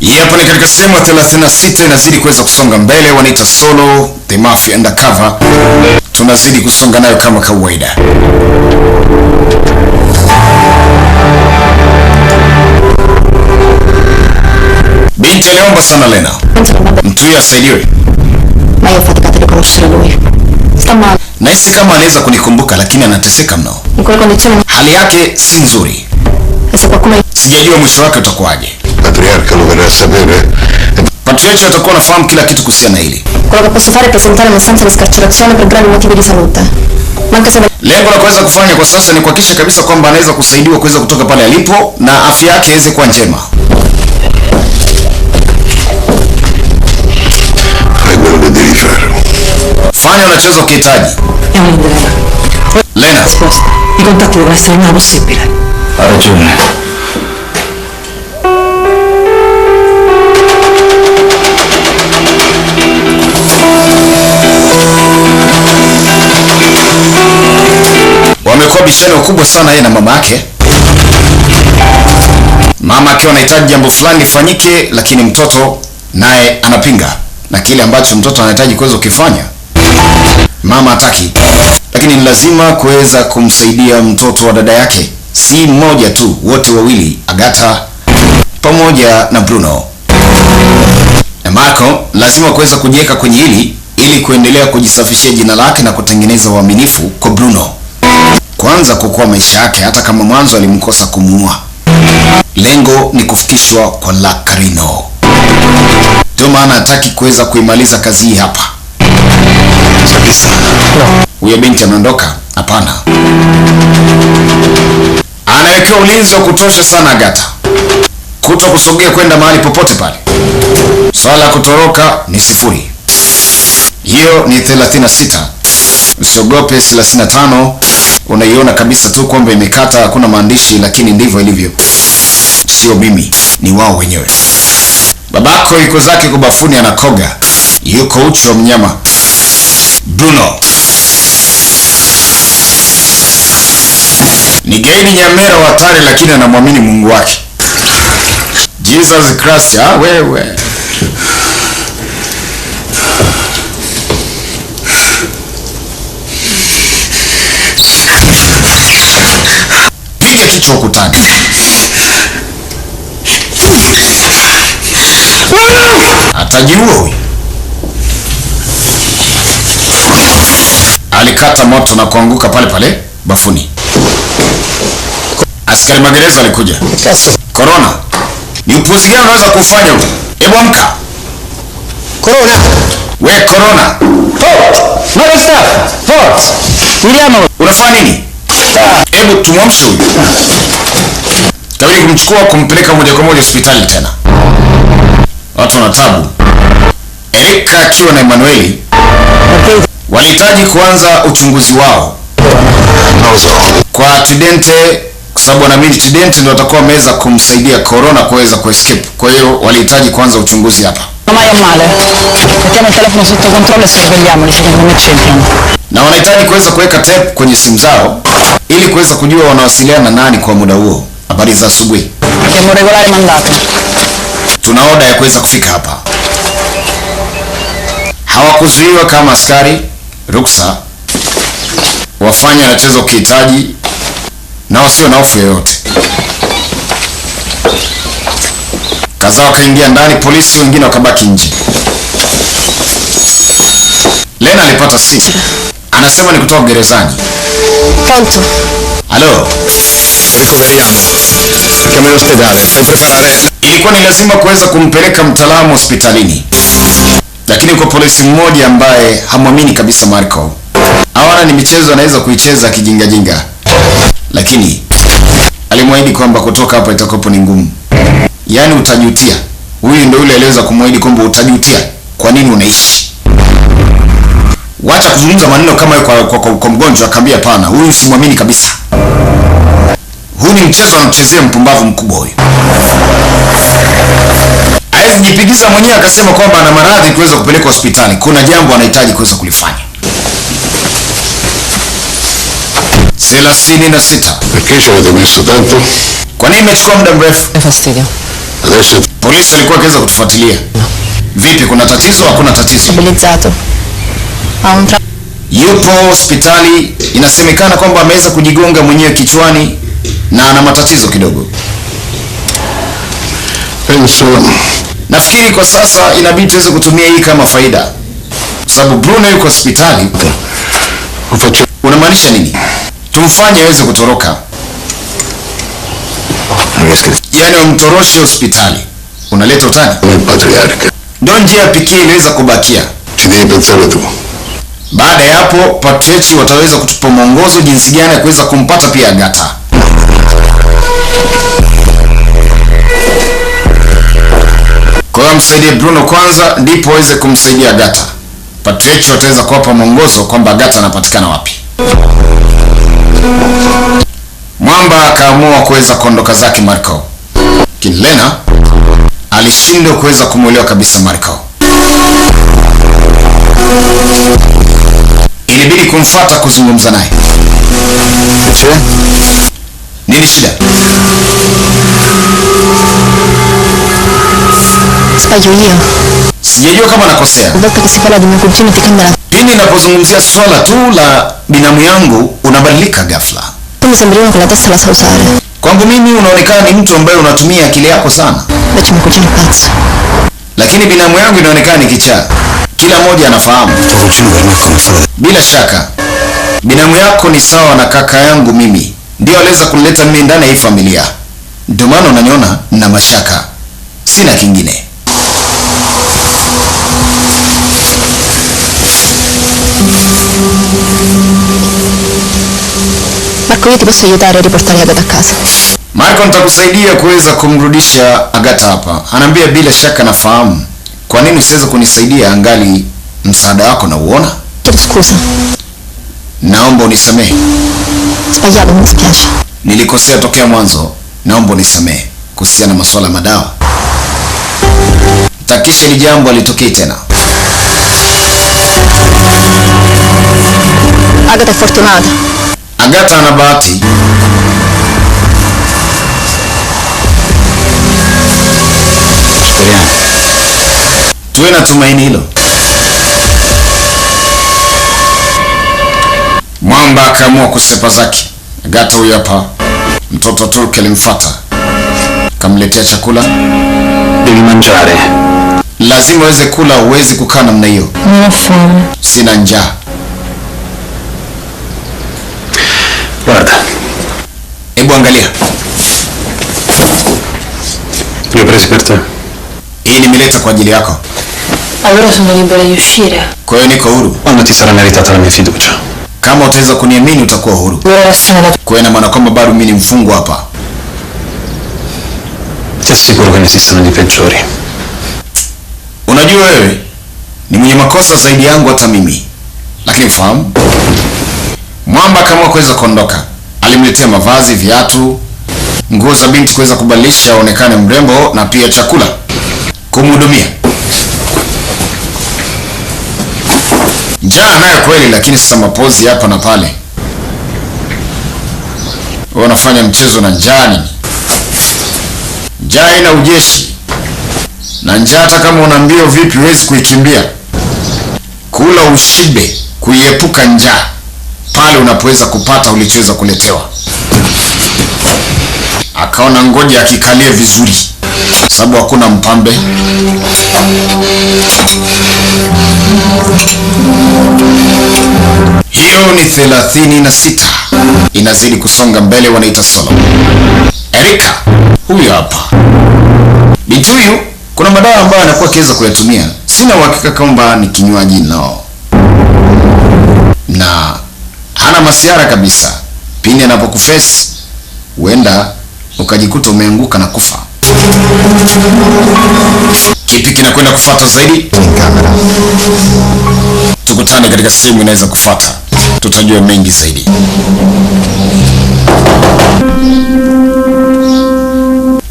Yeye ni katika sehemu ya 36 inazidi kuweza kusonga mbele, wanaita solo the mafia undercover. Tunazidi kusonga nayo kama kawaida. Binti aliomba sana Lena mtu asaidiwe, nahisi kama anaweza kunikumbuka, lakini anateseka mno, hali yake si nzuri. Sasa sijajua mwisho wake utakuwaje, patriarca lo verrà sapere. Patriarca atakuwa anafahamu kila kitu kuhusiana hili. Kwa che posso presentare una stanza di scarcerazione per gravi motivi di salute. Manca se Lengo la kuweza kufanya kwa sasa ni kuhakikisha kabisa kwamba anaweza kusaidiwa kuweza kutoka pale alipo na afya yake iweze kuwa njema. Fanya unachoweza ukihitaji. Yaani, Lena, i contatti la essere il possibile. Aracın. Wamekuwa bishano kubwa sana yeye na mama yake, mama akiwa anahitaji jambo fulani lifanyike, lakini mtoto naye anapinga, na kile ambacho mtoto anahitaji kuweza kukifanya mama hataki, lakini ni lazima kuweza kumsaidia mtoto wa dada yake si mmoja tu, wote wawili, Agata pamoja na Bruno na Marco lazima kuweza kujiweka kwenye hili ili kuendelea kujisafishia jina lake na kutengeneza uaminifu kwa Bruno, kwanza kuokoa maisha yake, hata kama mwanzo alimkosa kumuua. Lengo ni kufikishwa kwa La Carino, ndio maana hataki kuweza kuimaliza kazi hii hapa. Huyo binti anaondoka? Hapana amewekewa ulinzi wa kutosha sana Gata, kuto kusogea kwenda mahali popote pale. Swala ya kutoroka ni sifuri. Hiyo ni 36. Usiogope 35, unaiona kabisa tu kwamba imekata, hakuna maandishi, lakini ndivyo ilivyo. Sio mimi, ni wao wenyewe. Babako yuko zake kubafuni, anakoga, yuko ucho mnyama Bruno. Ni gaidi nyamera wa hatari, lakini anamwamini Mungu wake. Jesus Christ, ah wewe. Piga kichwa ukutani. Atajiua huyu. Alikata moto na kuanguka pale pale bafuni. Askari magereza alikuja. Sasa. Corona. Ni upuzi gani unaweza kufanya wewe? Hebu amka. Corona. We corona. Halt. Mara staff. Halt. Uliama. Unafanya nini? Hebu tumwamshe huyu. Tawili kumchukua kumpeleka moja kwa moja hospitali tena. Watu wana tabu. Erika akiwa na Emanueli. Okay. Walihitaji kuanza uchunguzi wao. Kwa accidente sababu wanaamini Chidenti ndio watakuwa wameweza kumsaidia Corona kuweza kuescape. Kwa hiyo walihitaji kwanza uchunguzi hapa. E e na wanahitaji kuweza kuweka tape kwenye simu zao ili kuweza kujua wanawasiliana nani kwa muda huo. Habari za asubuhi. Tuna oda ya kuweza kufika hapa. Hawakuzuiwa kama askari, ruksa wafanya anachezo ukihitaji na wasio na hofu yoyote. Kadhaa wakaingia ndani, polisi wengine wakabaki nje. Lena alipata simu, anasema ni kutoka gerezani. Pronto. Alo. Ilikuwa ni lazima kuweza kumpeleka mtaalamu hospitalini, lakini kwa polisi mmoja ambaye hamwamini kabisa Marco, awana ni michezo anaweza kuicheza kijingajinga lakini alimwahidi kwamba kutoka hapa itakuwapo ni ngumu. Yaani utajutia. Huyu ndio yule aliweza kumwahidi kwamba utajutia kwa nini unaishi. Wacha kuzungumza maneno kama kwa, kwa, kwa, kwa mgonjwa akaambia, pana huyu simwamini kabisa. Huu ni mchezo anamchezea mpumbavu mkubwa huyu. Alijipigiza mwenyewe akasema kwamba ana maradhi kuweza kupelekwa hospitali, kuna jambo anahitaji kuweza kulifanya. 36. Kesho adhimisho tatu. Kwa nini imechukua muda mrefu? Polisi walikuwa akiweza kutufuatilia. Vipi, kuna tatizo? Hakuna tatizo. Yupo hospitali, inasemekana kwamba ameweza kujigonga mwenyewe kichwani na ana matatizo kidogo. Nafikiri kwa sasa inabidi tuweze kutumia hii kama faida, kwa sababu Bruno yuko hospitali. Unamaanisha nini? tumfanye aweze kutoroka. Yani umtoroshe hospitali, unaleta utani. Ndio njia pekee inaweza kubakia. Baada ya hapo, patriachi wataweza kutupa mwongozo jinsi gani ya kuweza kumpata pia Agatha. Kwa hiyo msaidie Bruno kwanza, ndipo waweze kumsaidia Agatha. Patriachi wataweza kuwapa mwongozo kwamba Agatha anapatikana wapi. Mwamba akaamua kuweza kuondoka zake Marko. Kinlena alishindwa kuweza kumwelewa kabisa Marko, ilibidi kumfuata kuzungumza naye. Nini shida? Sipajui hiyo. Sijajua kama nakosea. Pindi ninapozungumzia swala tu la binamu yangu unabadilika ghafla. Kwangu mimi unaonekana ni mtu ambaye unatumia akili yako sana. Lakini binamu yangu inaonekana ni kichaa. Kila mmoja anafahamu. Bila shaka. Binamu yako ni sawa na kaka yangu mimi. Ndio aliweza kuleta mimi ndani ya hii familia. Ndio maana unaniona na mashaka. Sina kingine. Ecco, io ti tayari aiutare a riportare Agata a Marco, nitakusaidia kuweza kumrudisha Agata hapa. Anaambia, bila shaka nafahamu. Kwa nini usiweze kunisaidia angali msaada wako na uona? Chiedo Naomba unisamehe. Sbagliato, mi Nilikosea tokea mwanzo. Naomba unisamehe kuhusiana na masuala madawa. Takisha ni jambo alitokee tena. Agata è fortunata. Agata na Bahati tuwe na tumaini hilo. Mwamba akaamua kusepa zake. Agata huyo hapa, mtoto Turki alimfuata kamletea chakula. Devi lazima uweze kula, huwezi kukaa namna hiyo. Sina njaa kuangalia. Hii nimeleta kwa ajili yako. Kwa hiyo niko huru. Kama utaweza kuniamini utakuwa huru. Kwa hiyo ina maana kwamba bado mimi ni mfungwa hapa. Unajua wewe ni mwenye makosa zaidi yangu hata mimi, lakini fahamu mwamba kama kuweza kuondoka alimletea mavazi, viatu, nguo za binti kuweza kubadilisha aonekane mrembo na pia chakula kumhudumia. Njaa nayo kweli, lakini sasa mapozi hapa na pale, wanafanya mchezo na njaa. Nini njaa ina ujeshi na njaa, hata kama una mbio vipi huwezi kuikimbia. Kula ushibe, kuiepuka njaa pale unapoweza kupata ulichoweza kuletewa. Akaona ngoja akikalie vizuri, sababu hakuna mpambe. Hiyo ni thelathini na sita, inazidi kusonga mbele, wanaita solo. Erika huyu hapa binti huyu, kuna madawa ambayo anakuwa akiweza kuyatumia, sina uhakika kwamba ni kinywaji no na hana masiara kabisa. Pindi anapokufesi huenda ukajikuta umeanguka na kufa. Kipi kinakwenda kufuata zaidi? Tukutane katika sehemu inaweza kufuata, tutajua mengi zaidi.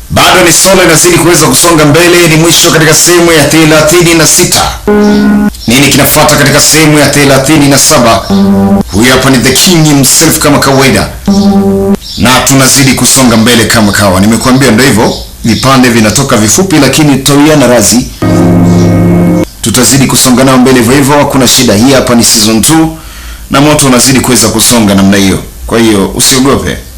Bado ni solo inazidi kuweza kusonga mbele. Ni mwisho katika sehemu ya thelathini na sita. Nini kinafuata katika sehemu ya 37? Huyu hapa ni the king himself kama kawaida, na tunazidi kusonga mbele kama kawa. Nimekuambia ndio hivyo, vipande vinatoka vifupi, lakini tutawiana razi, tutazidi kusonga nao mbele hivyo hivyo, hakuna shida. Hii hapa ni season 2 na moto unazidi kuweza kusonga namna hiyo, kwa hiyo usiogope.